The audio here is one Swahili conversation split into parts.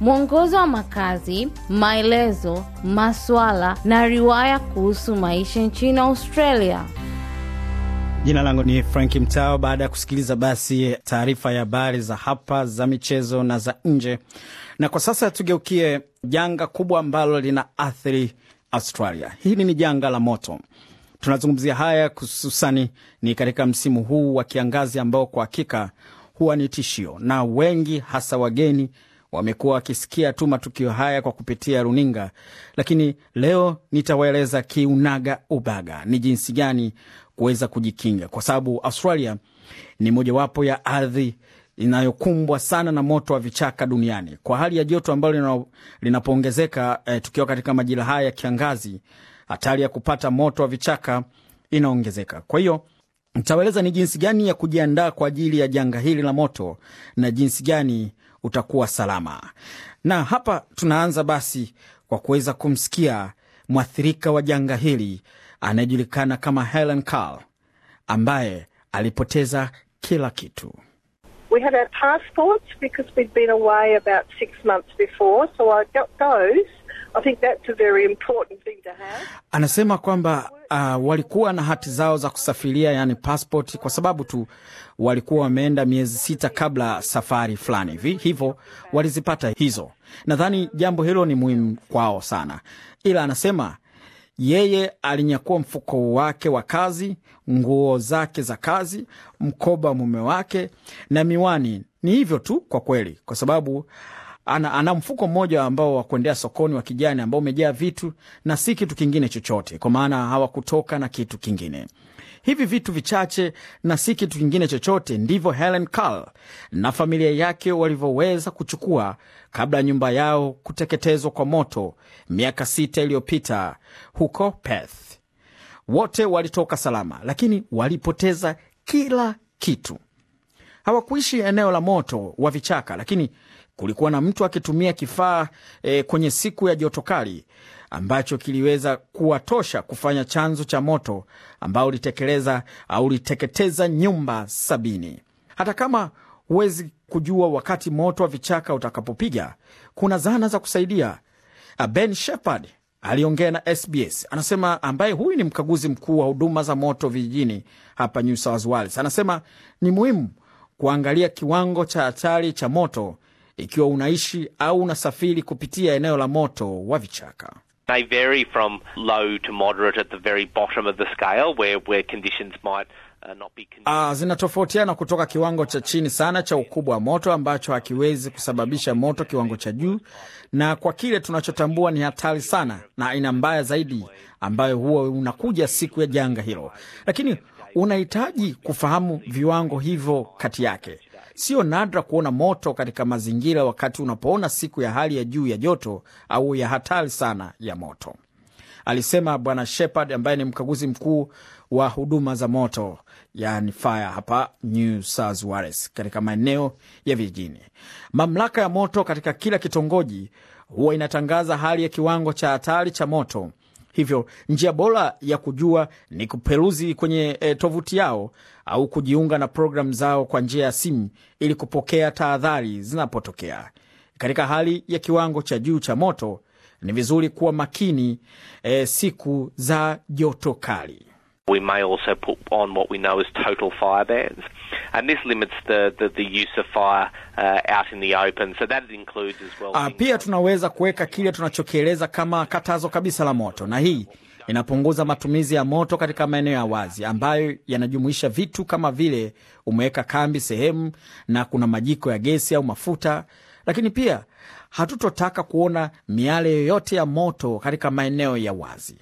mwongozo wa makazi, maelezo, maswala na riwaya kuhusu maisha nchini Australia. Jina langu ni Frank Mtao. Baada ya kusikiliza basi taarifa ya habari za hapa za michezo na za nje, na kwa sasa tugeukie janga kubwa ambalo lina athiri Australia. Hili ni janga la moto. Tunazungumzia haya hususani ni katika msimu huu wa kiangazi ambao kwa hakika huwa ni tishio, na wengi hasa wageni wamekuwa wakisikia tu matukio haya kwa kupitia runinga, lakini leo nitawaeleza kiunaga ubaga ni jinsi gani kuweza kujikinga, kwa sababu Australia ni mojawapo ya ardhi inayokumbwa sana na moto wa vichaka duniani. Kwa hali ya joto ambalo linapoongezeka eh, tukiwa katika majira haya ya kiangazi, hatari ya kupata moto wa vichaka inaongezeka. Kwa hiyo ntaweleza ni jinsi gani ya kujiandaa kwa ajili ya janga hili la moto na jinsi gani utakuwa salama. Na hapa tunaanza basi kwa kuweza kumsikia mwathirika wa janga hili anayejulikana kama Helen Carl ambaye alipoteza kila kitu. We had our passports because we'd been away about six months before, so I got those. I think that's a very important thing to have. Anasema kwamba uh, walikuwa na hati zao za kusafiria yani passport, kwa sababu tu walikuwa wameenda miezi sita kabla safari fulani hivi, hivyo walizipata hizo. Nadhani jambo hilo ni muhimu kwao sana, ila anasema yeye alinyakua mfuko wake wa kazi, nguo zake za kazi, mkoba mume wake na miwani. Ni hivyo tu kwa kweli, kwa sababu ana, ana mfuko mmoja ambao wa kuendea sokoni wa kijani ambao umejaa vitu na si kitu kingine chochote, kwa maana hawakutoka na kitu kingine. Hivi vitu vichache na si kitu kingine chochote ndivyo Helen Carl na familia yake walivyoweza kuchukua kabla ya nyumba yao kuteketezwa kwa moto miaka sita iliyopita huko peth Wote walitoka salama, lakini walipoteza kila kitu. Hawakuishi eneo la moto wa vichaka, lakini kulikuwa na mtu akitumia kifaa e, kwenye siku ya joto kali ambacho kiliweza kuwa tosha kufanya chanzo cha moto ambao ulitekeleza au uliteketeza nyumba sabini. Hata kama huwezi kujua wakati moto wa vichaka utakapopiga, kuna zana za kusaidia. Ah, ben Shepard aliongea na SBS anasema, ambaye huyu ni mkaguzi mkuu wa huduma za moto vijijini hapa New South Wales, anasema ni muhimu kuangalia kiwango cha hatari cha moto ikiwa unaishi au unasafiri kupitia eneo la moto wa vichaka. They vary from low to moderate at the very bottom of the scale where, where conditions might Uh, ah, zinatofautiana kutoka kiwango cha chini sana cha ukubwa wa moto ambacho hakiwezi kusababisha moto kiwango cha juu, na kwa kile tunachotambua ni hatari sana na aina mbaya zaidi ambayo huwa unakuja siku ya janga hilo, lakini unahitaji kufahamu viwango hivyo kati yake. Sio nadra kuona moto katika mazingira wakati unapoona siku ya hali ya juu ya joto au ya hatari sana ya moto, alisema Bwana Shepard ambaye ni mkaguzi mkuu wa huduma za moto yani fire hapa New South Wales katika maeneo ya vijijini. Mamlaka ya moto katika kila kitongoji huwa inatangaza hali ya kiwango cha hatari cha moto Hivyo njia bora ya kujua ni kuperuzi kwenye e, tovuti yao au kujiunga na programu zao kwa njia ya simu ili kupokea tahadhari zinapotokea. Katika hali ya kiwango cha juu cha moto, ni vizuri kuwa makini e, siku za joto kali. We may also put on what we know as total fire and this limits the, the, the use of fire uh, out in the open. So that includes as well. Uh, pia tunaweza kuweka kile tunachokieleza kama katazo kabisa la moto, na hii inapunguza matumizi ya moto katika maeneo ya wazi ambayo yanajumuisha vitu kama vile umeweka kambi sehemu na kuna majiko ya gesi au mafuta, lakini pia hatutotaka kuona miale yoyote ya moto katika maeneo ya wazi,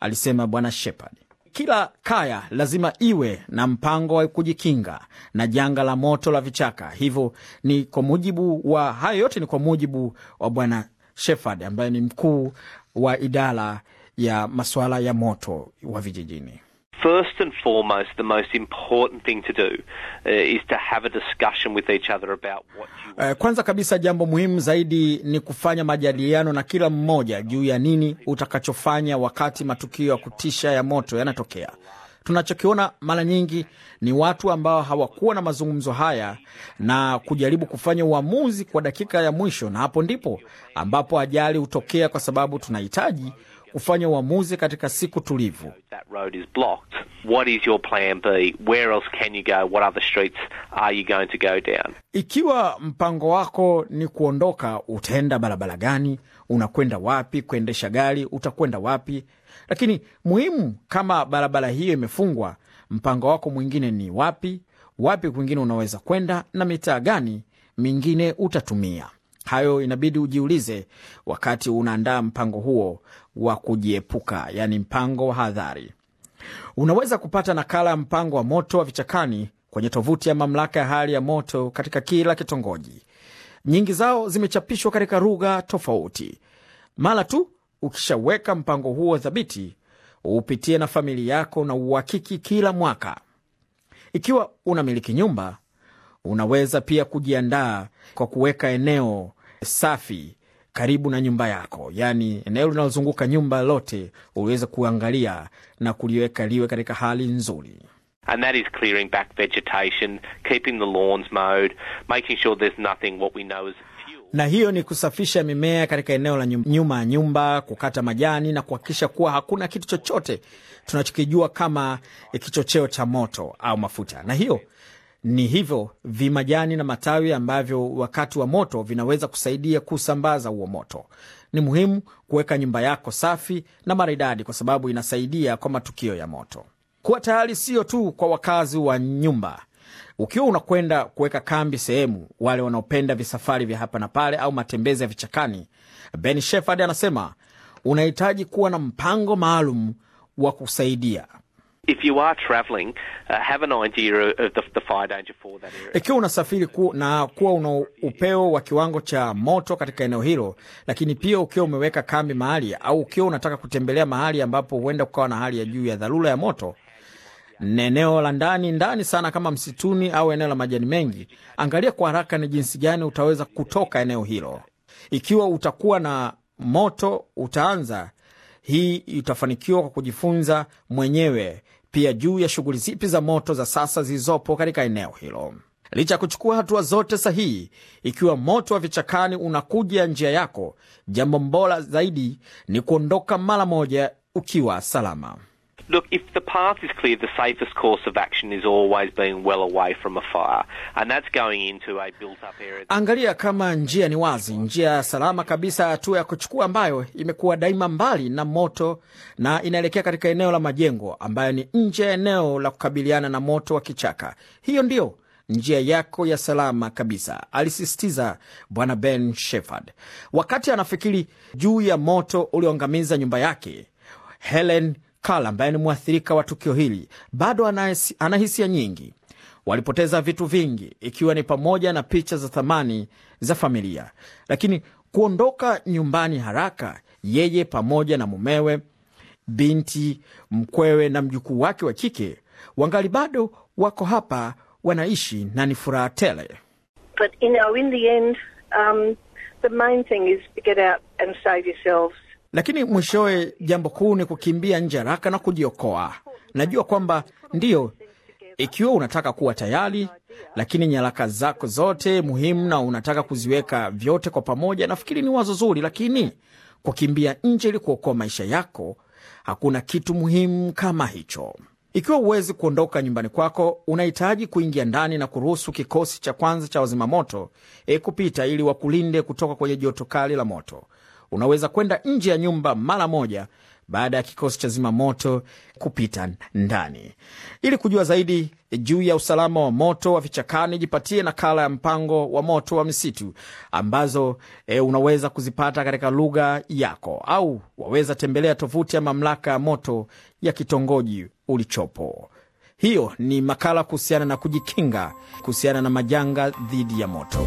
alisema Bwana Shepard. Kila kaya lazima iwe na mpango wa kujikinga na janga la moto la vichaka. Hivyo ni kwa mujibu wa hayo yote, ni kwa mujibu wa Bwana Shefard ambaye ni mkuu wa idara ya masuala ya moto wa vijijini first and foremost, the most important thing to do uh, is to have a discussion with each other about what you want. Eh, kwanza kabisa jambo muhimu zaidi ni kufanya majadiliano na kila mmoja juu ya nini utakachofanya wakati matukio ya kutisha ya moto yanatokea. Tunachokiona mara nyingi ni watu ambao hawakuwa na mazungumzo haya na kujaribu kufanya uamuzi kwa dakika ya mwisho, na hapo ndipo ambapo ajali hutokea, kwa sababu tunahitaji ufanya uamuzi katika siku tulivu. Ikiwa mpango wako ni kuondoka, utaenda barabara gani? Unakwenda wapi kuendesha gari? Utakwenda wapi? Lakini muhimu, kama barabara hiyo imefungwa, mpango wako mwingine ni wapi? Wapi kwingine unaweza kwenda na mitaa gani mingine utatumia? Hayo inabidi ujiulize wakati unaandaa mpango huo wa kujiepuka, yaani mpango wa hadhari. Unaweza kupata nakala ya mpango wa moto wa vichakani kwenye tovuti ya mamlaka ya hali ya moto katika kila kitongoji. Nyingi zao zimechapishwa katika rugha tofauti. Mara tu ukishaweka mpango huo thabiti, upitie na familia yako na uhakiki kila mwaka. Ikiwa unamiliki nyumba, Unaweza pia kujiandaa kwa kuweka eneo safi karibu na nyumba yako, yaani eneo linalozunguka nyumba lote uliweze kuangalia na kuliweka liwe katika hali nzuri. And that is clearing back vegetation, keeping the lawns mowed, making sure there's nothing what we know fuel. Na hiyo ni kusafisha mimea katika eneo la nyuma ya nyumba, kukata majani na kuhakikisha kuwa hakuna kitu chochote tunachokijua kama kichocheo cha moto au mafuta. Na hiyo ni hivyo vimajani na matawi ambavyo wakati wa moto vinaweza kusaidia kusambaza huo moto. Ni muhimu kuweka nyumba yako safi na maridadi, kwa sababu inasaidia kwa matukio ya moto. Kuwa tayari sio tu kwa wakazi wa nyumba ukiwa unakwenda kuweka kambi sehemu, wale wanaopenda visafari vya hapa na pale au matembezi ya vichakani, Ben shefard anasema unahitaji kuwa na mpango maalum wa kusaidia. Ikiwa unasafiri ku, na kuwa una upeo wa kiwango cha moto katika eneo hilo, lakini pia ukiwa umeweka kambi mahali au ukiwa unataka kutembelea mahali ambapo huenda kukawa na hali ya juu ya dharura ya moto na eneo la ndani ndani sana kama msituni au eneo la majani mengi, angalia kwa haraka ni jinsi gani utaweza kutoka eneo hilo. Ikiwa utakuwa na moto utaanza hii itafanikiwa kwa kujifunza mwenyewe pia juu ya shughuli zipi za moto za sasa zilizopo katika eneo hilo. Licha ya kuchukua hatua zote sahihi, ikiwa moto wa vichakani unakuja njia yako, jambo mbola zaidi ni kuondoka mara moja ukiwa salama. Look, if the path is clear, the safest course of action is always being well away from a fire, and that's going into a built up area. Angalia kama njia ni wazi, njia salama kabisa, hatua ya kuchukua ambayo imekuwa daima mbali na moto na inaelekea katika eneo la majengo ambayo ni nje ya eneo la kukabiliana na moto wa kichaka. Hiyo ndiyo njia yako ya salama kabisa, alisisitiza Bwana Ben Shepherd wakati anafikiri juu ya moto ulioangamiza nyumba yake. Helen Kala ambaye ni mwathirika wa tukio hili bado ana hisia nyingi. Walipoteza vitu vingi, ikiwa ni pamoja na picha za thamani za familia, lakini kuondoka nyumbani haraka, yeye pamoja na mumewe, binti, mkwewe na mjukuu wake wa kike wangali bado wako hapa, wanaishi na ni furaha tele. But you know, in the end, um, the main thing is to get out and save yourselves lakini mwishowe jambo kuu ni kukimbia nje haraka na kujiokoa. Najua kwamba ndiyo, ikiwa unataka kuwa tayari, lakini nyaraka zako zote muhimu na unataka kuziweka vyote kwa pamoja, nafikiri ni wazo zuri, lakini kukimbia nje ili kuokoa maisha yako, hakuna kitu muhimu kama hicho. Ikiwa huwezi kuondoka nyumbani kwako, unahitaji kuingia ndani na kuruhusu kikosi cha kwanza cha wazimamoto e kupita ili wakulinde kutoka kwenye joto kali la moto unaweza kwenda nje ya nyumba mara moja baada ya kikosi cha zimamoto kupita ndani. Ili kujua zaidi juu ya usalama wa moto wa vichakani, jipatie nakala ya mpango wa moto wa misitu ambazo e, unaweza kuzipata katika lugha yako, au waweza tembelea tovuti ya mamlaka ya moto ya kitongoji ulichopo. Hiyo ni makala kuhusiana na kujikinga kuhusiana na majanga dhidi ya moto.